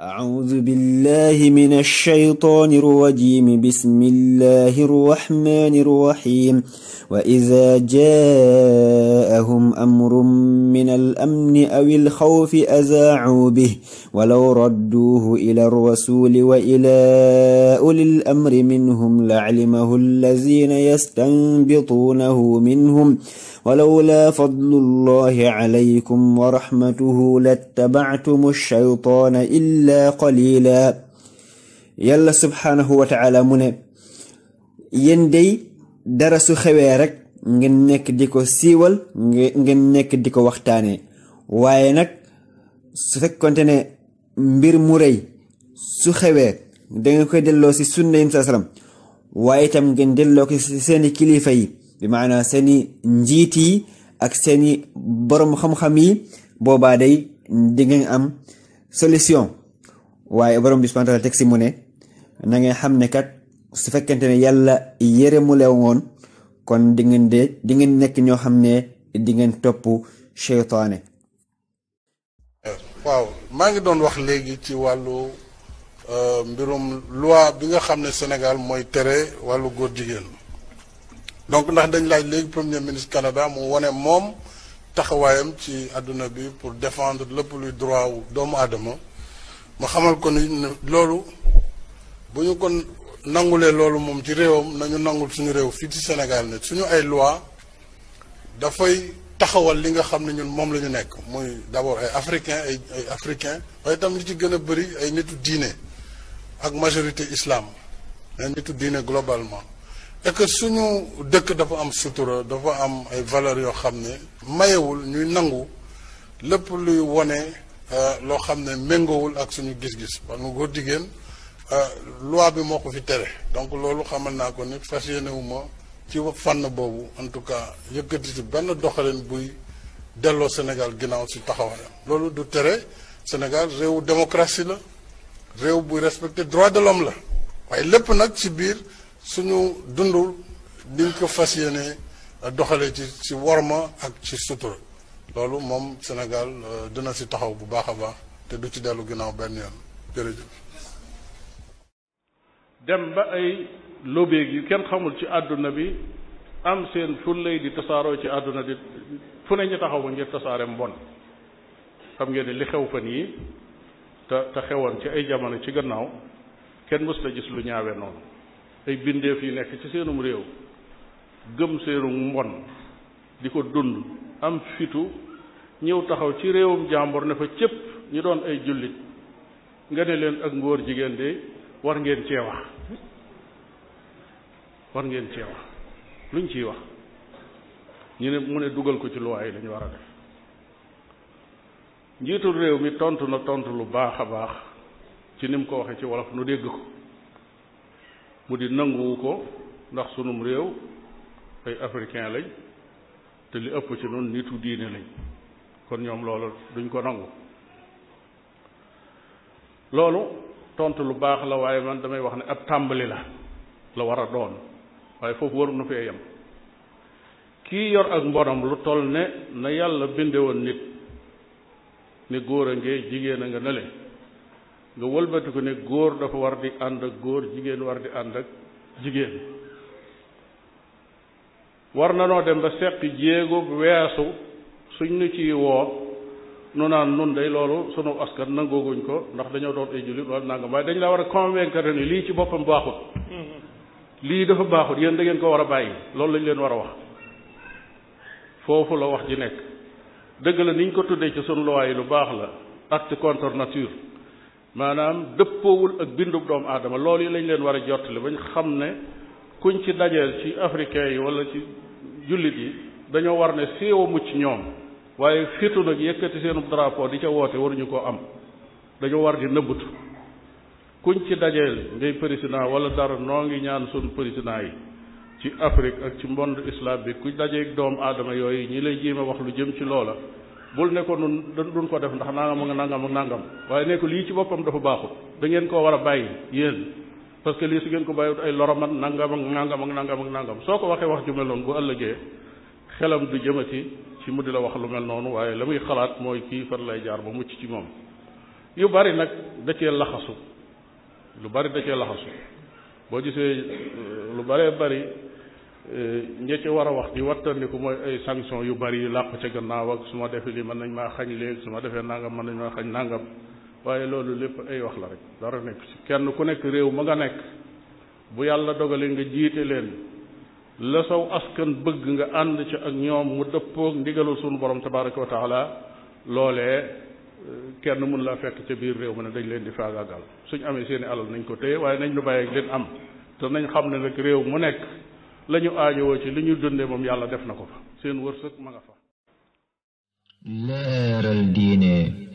أعوذ بالله من الشيطان الرجيم بسم الله الرحمن الرحيم وإذا جاءهم أمر من الأمن أو الخوف أذاعوا به ولو ردوه إلى الرسول وإلى أولي الأمر منهم لعلمه الذين يستنبطونه منهم ولولا فضل الله عليكم ورحمته لاتبعتم الشيطان إلا illaa qalila yàlla subhaanahu wa taala mu ne yéen day dara su xewee rek ngeen nekk di ko siiwal ngen nekk di ko waxtaanee waaye nag su fekkonte ne mbir mu rëy su xewee dangeen koy delloo si sunna yim sa waaye tam ngeen delloo ko seeni kilifa yi bi maanaa seeni njiit yi ak seeni borom xam-xam yi boobaa day di ngeen am solution waaye borom bi subhanahu si mu ne na ngeen xam ne kat su fekkente ne yàlla yére mu lew woon kon di ngeen de di ngeen nekk ñoo xam ne di ngeen topp seytaane waaw maa ngi doon wax léegi ci wàllu euh, mbirum loi bi nga xam ne Sénégal mooy tere wàllu góor jigéen donc ndax dañ laaj léegi premier ministre Canada mu wane moom taxawaayam ci àdduna bi pour défendre lépp luy droit wu doomu aadama ma xamal ko ni loolu bu ñu kon nangulee loolu moom ci réewam nañu nangul suñu réew fii ci Sénégal ne suñu ay loi dafay taxawal li nga xam ne ñun moom la ñu nekk muy d'abord ay africain ay ay africain waaye itam li ci gën a bëri ay nitu diine ak majorité islam ay nitu diine globalement et suñu dëkk dafa am sutura dafa am ay valeurs yoo xam ne mayewul ñuy nangu lépp luy wone Euh, loo xam ne méngoowul ak suñu gis-gis parce que góor jigéen euh, loi bi moo ko fi tere donc loolu xamal naa ko nit fas yéene ma ci fànn boobu en tout cas yëkkati ci benn doxalin buy delloo Sénégal ginnaaw si taxawaayam loolu du tere Sénégal réewu démocratie la réew buy respecté droit de l'homme la waaye lépp nag si biir suñu dundul diñ ko fas yéene doxalee ci ci worma ak ci sutura loolu moom Sénégal euh, dina si taxaw bu baax a baax te du ci dellu ginnaaw benn yoon jërëjëf. dem ba ay lobéeg yu kenn xamul ci àdduna bi am seen fullay di tasaaroo ci àdduna di fu ne ñu taxaw ba ngir tasaare mbon xam ngeen li xew fan yi te te ci ay jamono ci gannaaw kenn mës la gis lu ñaawe noonu ay bindeef yi nekk ci seenum réew gëm seenu mbon di ko dund am fitu ñëw taxaw ci réewum jàmbur ne fa cépp ñu doon ay jullit nga ne leen ak ngóor jigéen de war ngeen cee wax war ngeen cee wax luñ ciy wax ñu ne mu ne dugal ko ci loi yi lañu war a def njiitul réew mi tontu na tontu lu baax a baax ci nim ko waxee ci wolof nu dégg ko mu di nanguwu ko ndax sunum réew ay africain lañ te li ëpp ci noonu nitu diine lañ kon ñoom loolu duñ ko nangu loolu tontu lu baax la waaye man damay wax ne ab tàmbali la la war a doon waaye foofu waru na fee yem kii yor ak mbonam lu toll ne na yàlla binde woon nit ne góor a ngee jigéen a nga nële nga wëlbati ko ne góor dafa war di ànd ak góor jigéen war di ànd ak jigéen war na noo dem ba seq jéego weesu suñ nu ci woo nu naan nun day loolu sunu askan nangooguñ ko ndax dañoo doon ay jullit loolu nangam waaye dañ laa war a convaincre ni lii ci boppam baaxut lii dafa baaxut yéen da ngeen ko war a bàyyi loolu lañ leen war a wax foofu la wax ji nekk dëgg la niñ ko tuddee ci sunu loi yi lu baax la acte contre nature maanaam dëppoowul ak bindu doomu aadama loolu yi lañ leen war a jottali bañ xam ne kuñ ci dajeel ci africain yi wala ci jullit yi dañoo war ne séew a ñoom waaye fitu nag yëkkati seenu drapeau di ca woote waruñu koo am dañoo war di nëbbatu kuñ ci dajeel ngay président wala dara noo ngi ñaan sunu président yi ci Afrique ak ci monde islam bi ku dajeeg doomu aadama yooyu ñi lay jéem a wax lu jëm ci loola bul nekkoon ko nun duñ ko def ndax nangam ak nangam ak nangam waaye ne lii ci boppam dafa baaxul da ngeen koo war a bàyyi yéen parce que lii ngeen ko bàyyiwut ay loroman nangam ak nangam ak nangam soo ko waxee wax ju mel noonu bu ëllëgee xelam du jëmati ci mu di la wax lu mel noonu waaye la muy xalaat mooy kii fan lay jaar ba mucc ci moom yu bari nag da cee laxasu lu bari da cee laxasu boo gisee euh, lu baree bari euh, ña ci war a wax di wattandiku mooy ay sanction yu bari yu làqu ca gannaaw ak su ma defee li mën nañ maa xañ léegi su ma defee nangam mën nañ maa xañ nangam waaye loolu lépp ay wax la rek dara nekk ci kenn ku nekk réew ma nga nekk bu yàlla dogalee nga jiite leen la saw askan bëgg nga ànd ci ak ñoom mu dëppoog ndigalul sunu borom tabaraka wa taala loolee euh, kenn mun laa fekk ca biir réew mi ne dañ leen di faagaagal suñu amee seeni alal nañ ko téye waaye nañ nu bàyyeeg leen am te nañ xam ne nag réew mu nekk lañu ñu ci li ñuy dundee moom yàlla def na ko fa seen wërsëg ma nga fa leeral diine